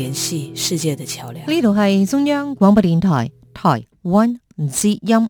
聯繫世界的橋樑。呢度係中央廣播電台台灣之音，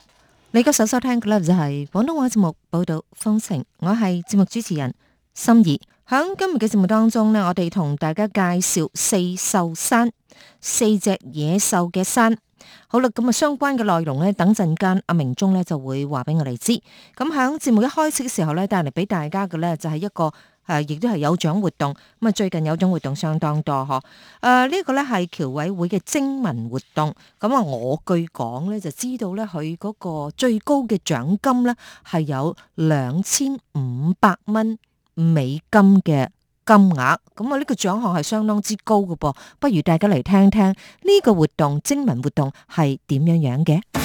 你嘅首收聽嘅呢就係廣東話節目報道風情」。我係節目主持人心儀。響今日嘅節目當中呢，我哋同大家介紹四獸山，四隻野獸嘅山。好啦，咁啊，相關嘅內容呢，等陣間阿明忠呢就會話俾我哋知。咁響節目一開始嘅時候呢，帶嚟俾大家嘅呢就係一個。誒，亦、啊、都係有獎活動咁啊！最近有獎活動相當多嗬。誒、啊，呢、這個咧係僑委會嘅徵文活動。咁啊，我據講咧就知道咧，佢嗰個最高嘅獎金咧係有兩千五百蚊美金嘅金額。咁啊，呢個獎項係相當之高嘅噃。不如大家嚟聽聽呢個活動徵文活動係點樣樣嘅。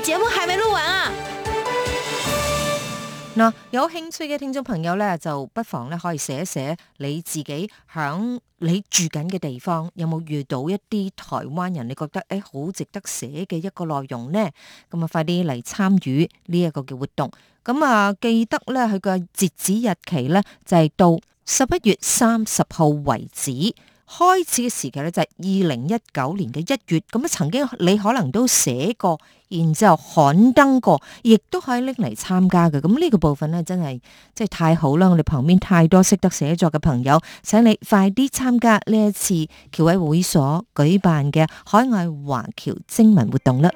節目還沒錄完啊！嗱，有興趣嘅聽眾朋友咧，就不妨咧可以寫一寫你自己響你住緊嘅地方有冇遇到一啲台灣人，你覺得誒好、欸、值得寫嘅一個內容呢。咁啊，快啲嚟參與呢一個嘅活動。咁啊，記得咧佢嘅截止日期咧就係、是、到十一月三十號為止。開始嘅時期咧就係二零一九年嘅一月，咁啊曾經你可能都寫過，然之後刊登過，亦都可以拎嚟參加嘅。咁呢個部分呢，真係即係太好啦！我哋旁邊太多識得寫作嘅朋友，請你快啲參加呢一次僑委會所舉辦嘅海外華僑徵文活動啦。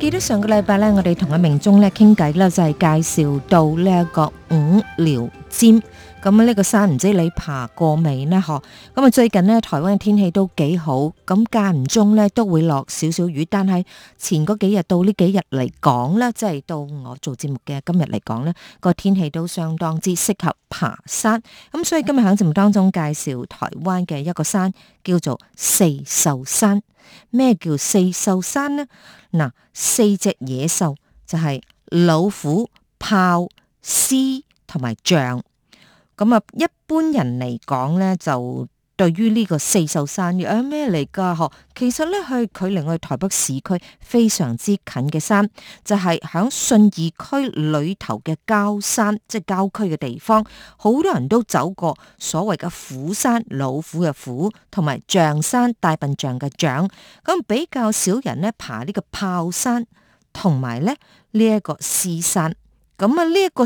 記得上個禮拜我哋同阿明中傾偈就係、是、介紹到呢個五寮尖。咁呢個山唔知你爬過未呢？嗬！咁啊最近呢，台灣嘅天氣都幾好，咁間唔中呢，都會落少少雨，但係前嗰幾日到呢幾日嚟講呢，即係到我做節目嘅今日嚟講呢，個天氣都相當之適合爬山。咁所以今日喺節目當中介紹台灣嘅一個山叫做四獸山。咩叫四獸山呢？嗱，四隻野獸就係老虎、豹、獅同埋象。咁啊，一般人嚟講咧，就對於呢個四獸山嘅咩嚟㗎？呵、哎，其實咧係距離我哋台北市區非常之近嘅山，就係響信義區裏頭嘅郊山，即係郊區嘅地方。好多人都走過所謂嘅虎山老虎嘅虎，同埋象山大笨象嘅象。咁比較少人咧爬呢個豹山，同埋咧呢一、這個獅山。咁啊，呢一個。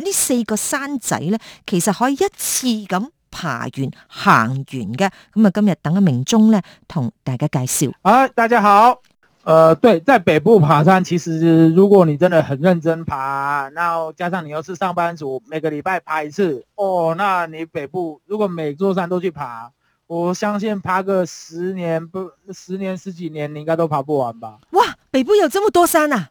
呢四個山仔呢，其實可以一次咁爬完行完嘅。咁啊，今日等啊明鐘呢，同大家介紹。啊，大家好。呃對，在北部爬山，其實如果你真的很認真爬，那加上你又是上班族，每個禮拜爬一次，哦，那你北部如果每座山都去爬，我相信爬個十年不十年十幾年，你應該都爬不完吧？哇，北部有這麼多山啊！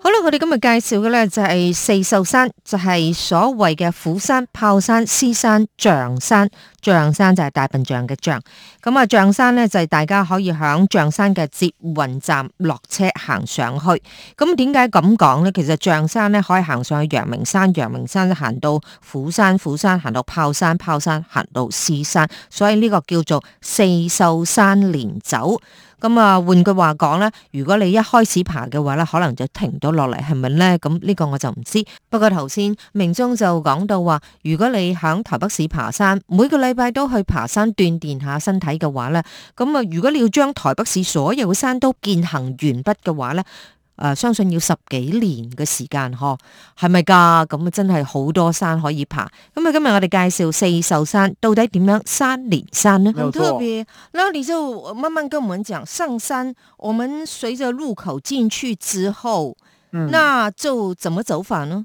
好啦，我哋今日介紹嘅呢就係、是、四獸山，就係、是、所謂嘅虎山、豹山、獅山、象山。象山就係大笨象嘅象，咁啊象山呢就係大家可以響象山嘅捷運站落車行上去，咁點解咁講呢？其實象山呢可以行上去陽明山，陽明山行到虎山，虎山，虎山行到豹山，豹山，豹山行到獅山，所以呢個叫做四獸山連走。咁啊換句話講呢，如果你一開始爬嘅話呢，可能就停到落嚟係咪呢？咁呢個我就唔知。不過頭先明宗就講到話，如果你響台北市爬山，每個咧。禮拜都去爬山鍛煉下身體嘅話咧，咁啊，如果你要將台北市所有山都健行完畢嘅話咧，誒、呃，相信要十幾年嘅時間嗬，係咪噶？咁啊，真係好多山可以爬。咁啊，今日我哋介紹四獸山到底點樣山連山咧，好特別。那你就慢慢跟我們講上山，我們隨着路口進去之後，嗯、那就怎麼走法呢？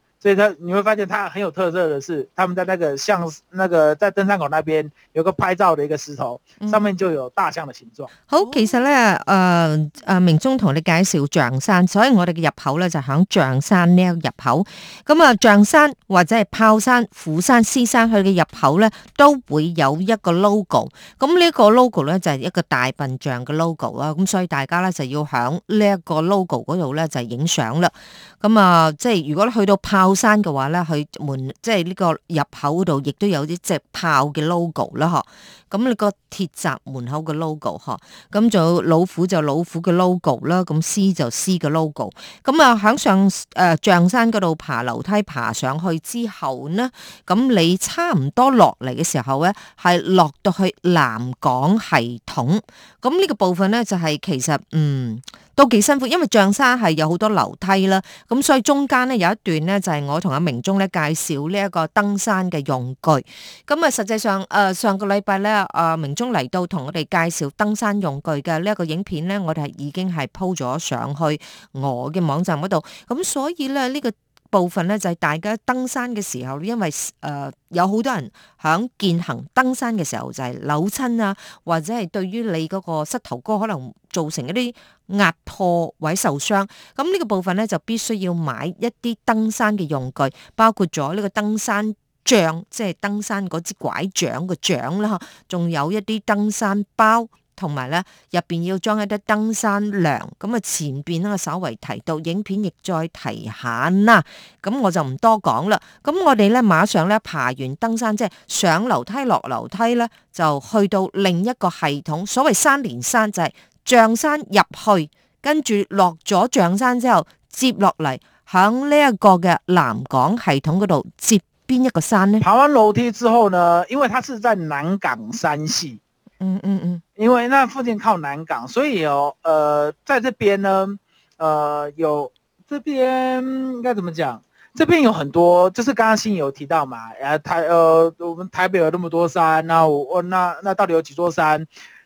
所以你會發現它很有特色的是，他們在那個象，那個在登山口那邊有個拍照的一個石頭，上面就有大象的形狀，嗯。好，其實咧，誒、呃、誒，明宗同你介紹象山，所以我哋嘅入口咧就響象山呢一個入口。咁、嗯、啊，象山或者係豹山、虎山、獅山，佢嘅入口咧都會有一個 logo。咁、嗯、呢、這個 logo 咧就係、是、一個大笨象嘅 logo 啦、嗯。咁所以大家咧就要響呢一個 logo 嗰度咧就影相啦。咁、嗯、啊、呃，即係如果去到豹山嘅話咧，佢門即係呢個入口度，亦都有啲隻豹嘅 logo 啦，嗬。咁你個鐵閘門口嘅 logo，嗬。咁仲有老虎就老虎嘅 logo 啦，咁獅就獅嘅 logo。咁啊，響上誒象山嗰度爬樓梯爬上去之後呢，咁你差唔多落嚟嘅時候咧，係落到去南港系統。咁呢個部分咧，就係、是、其實嗯。都幾辛苦，因為象山係有好多樓梯啦，咁所以中間呢有一段呢，就係我同阿明忠咧介紹呢一個登山嘅用具。咁啊，實際上誒上個禮拜咧，阿、呃、明忠嚟到同我哋介紹登山用具嘅呢一個影片呢，我哋係已經係 po 咗上去我嘅網站嗰度。咁所以咧呢、這個部分呢，就係大家登山嘅時候，因為誒、呃、有好多人響健行登山嘅時候就係、是、扭親啊，或者係對於你嗰個膝頭哥可能，造成一啲壓迫位受傷，咁呢個部分咧就必須要買一啲登山嘅用具，包括咗呢個登山杖，即係登山嗰支拐杖個杖啦，仲有一啲登山包，同埋咧入邊要裝一啲登山糧。咁啊，前邊咧稍為提到影片亦再提下啦，咁我就唔多講啦。咁我哋咧馬上咧爬完登山，即係上樓梯落樓梯咧，就去到另一個系統，所謂山連山就係、是。象山入去，跟住落咗象山之後，接落嚟響呢一個嘅南港系統嗰度，接邊一個山呢？爬完樓梯之後呢？因為它是在南港山系，嗯嗯嗯，嗯嗯，因為那附近靠南港，所以有、哦，誒、呃，在這邊呢，誒、呃，有，這邊應該怎麼講？這邊有很多，就是剛剛新有提到嘛，誒、呃，台，呃，我們台北有那麼多山，那我，那，那到底有幾座山？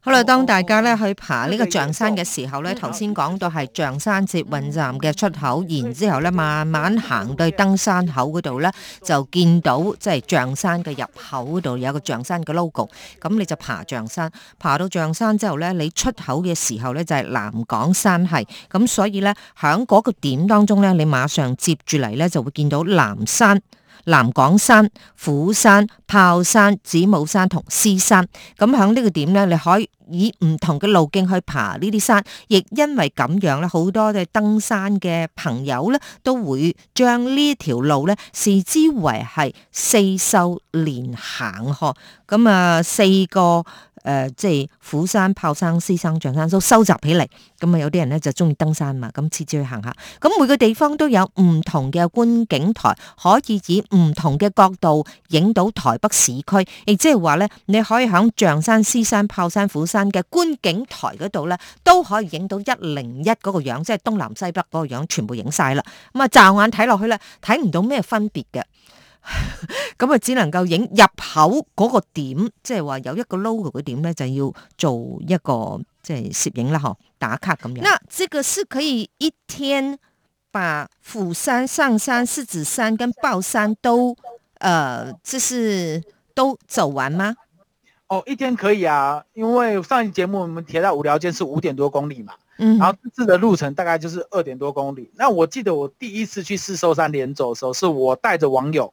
好啦，Hello，當大家咧去爬呢個象山嘅時候咧，頭先講到係象山捷運站嘅出口，然之後咧慢慢行到登山口嗰度咧，就見到即係象山嘅入口嗰度有個象山嘅 logo，咁你就爬象山，爬到象山之後咧，你出口嘅時候咧就係、是、南港山係，咁所以咧響嗰個點當中咧，你馬上接住嚟咧，就會見到南山。南港山、虎山、豹山、子母山同獅山，咁響呢個點呢，你可以以唔同嘅路徑去爬呢啲山，亦因為咁樣咧，好多嘅登山嘅朋友呢，都會將呢條路呢視之為係四獸連行呵，咁啊四個。誒，即係虎山、豹山、獅山、象山都收集起嚟，咁啊有啲人呢就中意登山嘛，咁次次去行下，咁每個地方都有唔同嘅觀景台，可以以唔同嘅角度影到台北市區，亦即係話呢，你可以響象山、獅山、豹山、虎山嘅觀景台嗰度呢，都可以影到一零一嗰個樣，即係東南西北嗰個樣全部影晒啦，咁啊，驟眼睇落去咧，睇唔到咩分別嘅。咁啊， 只能夠影入口嗰個點，即係話有一個 logo 嘅點呢，就要做一個即係攝影啦，嗬，打卡咁樣。那這個是可以一天把虎山、象山、獅子山跟豹山都，呃，這，就是都走完嗎？哦，一天可以啊，因為上一節目我們提到無聊間是五點多公里嘛，嗯哼，然後這次的路程大概就是二點多公里。那我記得我第一次去四獸山連走的時候，是我帶着網友。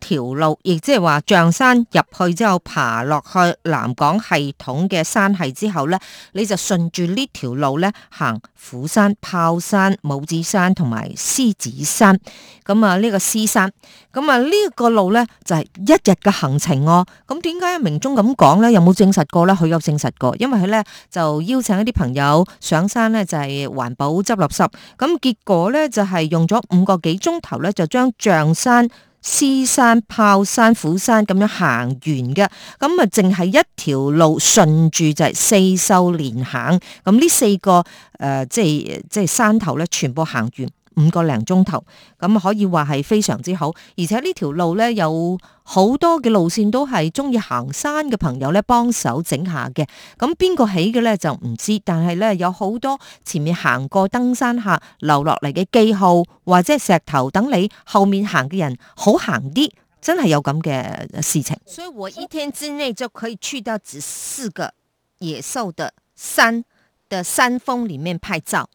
條路亦即係話，象山入去之後，爬落去南港系統嘅山系之後咧，你就順住呢條路咧行，虎山、豹山、拇指山同埋獅子山。咁、嗯、啊呢、這個獅山，咁、嗯、啊呢、這個路咧就係、是、一日嘅行程哦。咁點解明中咁講咧？有冇證實過咧？佢有證實過，因為佢咧就邀請一啲朋友上山咧，就係、是、環保執垃圾。咁、嗯、結果咧就係用咗五個幾鐘頭咧，就將、是、象山。獅山、豹山、虎山咁樣行完嘅，咁啊淨係一條路順住就係四獸連行，咁呢四個誒，即係即係山頭咧，全部行完。五個零鐘頭，咁可以話係非常之好，而且呢條路呢，有好多嘅路線都係中意行山嘅朋友呢幫手整下嘅。咁邊個起嘅呢？就唔知，但係呢，有好多前面行過登山客留落嚟嘅記號或者石頭等你後面行嘅人好行啲，真係有咁嘅事情。所以我一天之內就可以去到只四個野獸的山的山峰裏面拍照。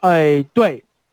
誒、哎，對。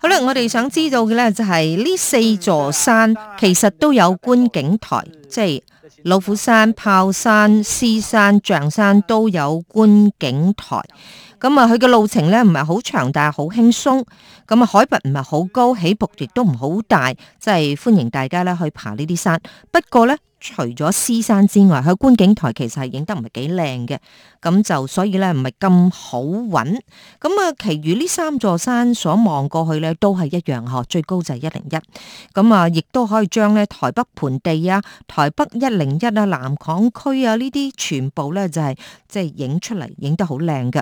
好啦，我哋想知道嘅呢，就係呢四座山其實都有觀景台，即係老虎山、豹山、獅山、象山都有觀景台。咁啊，佢嘅路程呢，唔係好長，但係好輕鬆。咁啊，海拔唔係好高，起伏亦都唔好大，即係歡迎大家呢去爬呢啲山。不過呢。除咗獅山之外，喺觀景台其實係影得唔係幾靚嘅，咁就所以咧，唔係咁好揾。咁啊，其餘呢三座山所望過去咧都係一樣嗬，最高就係一零一。咁啊，亦都可以將咧台北盆地啊、台北一零一啊、南港區啊呢啲全部咧就係即係影出嚟，影得好靚嘅。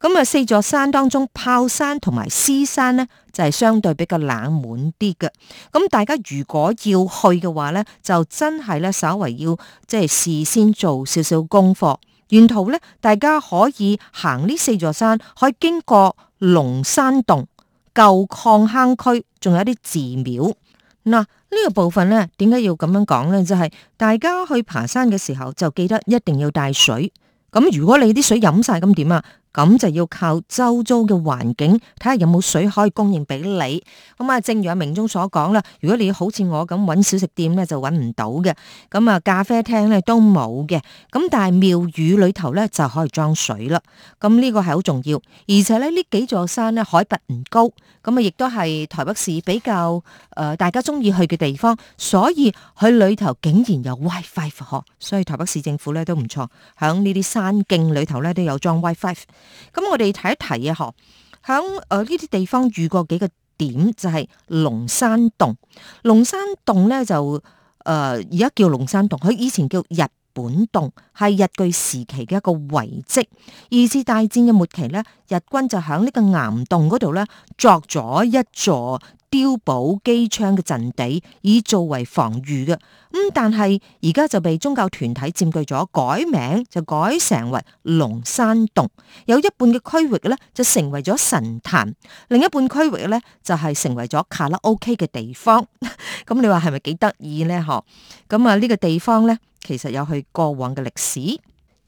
咁啊，四座山當中，豹山同埋獅山咧就係、是、相對比較冷門啲嘅。咁大家如果要去嘅話咧，就真係咧。稍微要，即係事先做少少功課，沿途咧大家可以行呢四座山，可以經過龍山洞、舊礦坑區，仲有一啲寺廟。嗱，呢個部分咧，點解要咁樣講咧？就係大家去爬山嘅時候，就記得一定要帶水。咁如果你啲水飲晒，咁點啊？咁就要靠周遭嘅環境，睇下有冇水可以供應俾你。咁啊，正如阿明中所講啦，如果你好似我咁揾小食店呢，就揾唔到嘅。咁啊，咖啡廳呢，都冇嘅。咁但係廟宇裏頭呢，就可以裝水啦。咁呢個係好重要，而且呢呢幾座山呢，海拔唔高。咁啊，亦都係台北市比較大家中意去嘅地方，所以佢裏頭竟然有 WiFi 呵，所以台北市政府咧都唔錯，響呢啲山徑裏頭咧都有裝 WiFi。咁我哋睇一睇啊，呵，響呢啲地方遇過幾個點就係、是、龍山洞，龍山洞咧就而家、呃、叫龍山洞，佢以前叫日。本洞係日據時期嘅一個遺迹，二次大戰嘅末期呢，日軍就響呢個岩洞嗰度呢作咗一座。碉堡機槍嘅陣地，以作為防禦嘅，咁、嗯、但係而家就被宗教團體佔據咗，改名就改成為龍山洞，有一半嘅區域咧就成為咗神壇，另一半區域咧就係、是、成為咗卡拉 OK 嘅地方，咁、 嗯、你話係咪幾得意呢？嗬、嗯，咁啊呢個地方咧其實有佢過往嘅歷史。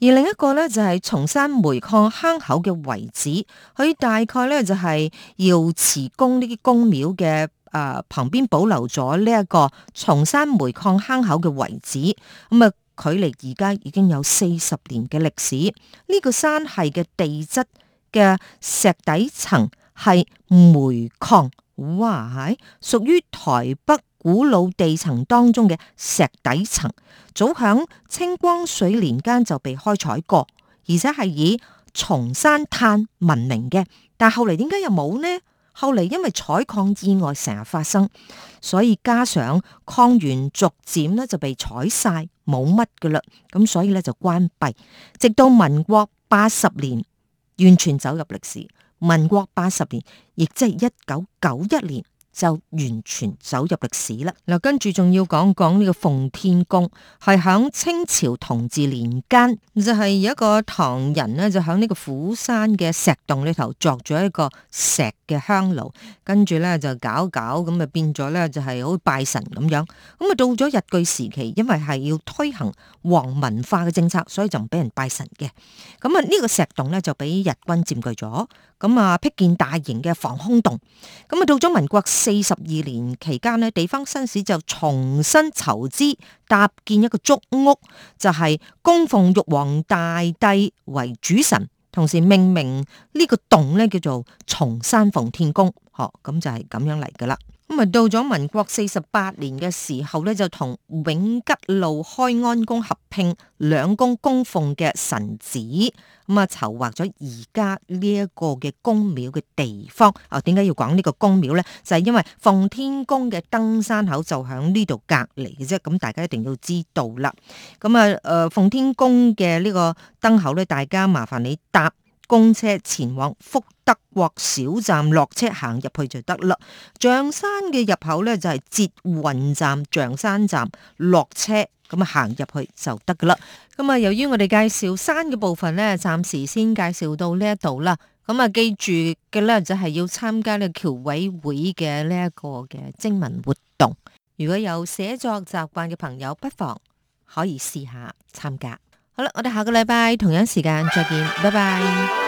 而另一個咧就係松山煤礦坑口嘅遺址，佢大概咧就係瑤池宮呢啲公廟嘅誒，旁邊保留咗呢一個松山煤礦坑口嘅遺址，咁啊距離而家已經有四十年嘅歷史。呢、這個山系嘅地質嘅石底層係煤礦哇，係屬於台北。古老地層當中嘅石底層，早響清光緒年間就被開採過，而且係以松山炭聞名嘅。但係後嚟點解又冇呢？後來因為採礦意外成日發生，所以加上礦源逐漸咧就被採晒，冇乜噶啦。咁所以咧就關閉，直到民國八十年完全走入歷史。民國八十年，亦即係一九九一年。就完全走入歷史啦。嗱，跟住仲要講講呢個奉天宮係響清朝同治年間，就係有一個唐人咧，就響呢個虎山嘅石洞裏頭作咗一個石嘅香爐，跟住咧就搞搞咁啊，變咗咧就係好似拜神咁樣，咁啊，到咗日據時期，因為係要推行皇文化嘅政策，所以就唔俾人拜神嘅。咁啊，呢個石洞咧就俾日軍佔據咗，咁啊辟建大型嘅防空洞。咁啊，到咗民國，四十二年期間，地方紳士就重新籌資，搭建一個竹屋，就係、是、供奉玉皇大帝為主神，同時命名呢個洞呢叫做松山奉天宮。嗬、哦，咁、嗯、就係、是、咁樣嚟噶啦。咁啊，到咗民國四十八年嘅時候咧，就同永吉路開安宮合併兩宮供奉嘅神寺，咁啊，籌劃咗而家呢一個嘅宮廟嘅地方。啊，點解要講呢個宮廟呢？就係、是、因為奉天宮嘅登山口就喺呢度隔籬嘅啫，咁大家一定要知道啦。咁啊，誒、呃，奉天宮嘅呢個登口呢，大家麻煩你搭公車前往福。德國小站落車行入去就得啦。象山嘅入口咧就係捷運站象山站落車，咁啊行入去就得噶啦。咁啊，由於我哋介紹山嘅部分咧，暫時先介紹到呢一度啦。咁啊，記住嘅咧就係要參加呢個僑委會嘅呢一個嘅徵文活動。如果有寫作習慣嘅朋友，不妨可以試下參加。好啦，我哋下個禮拜同樣時間再見，拜拜。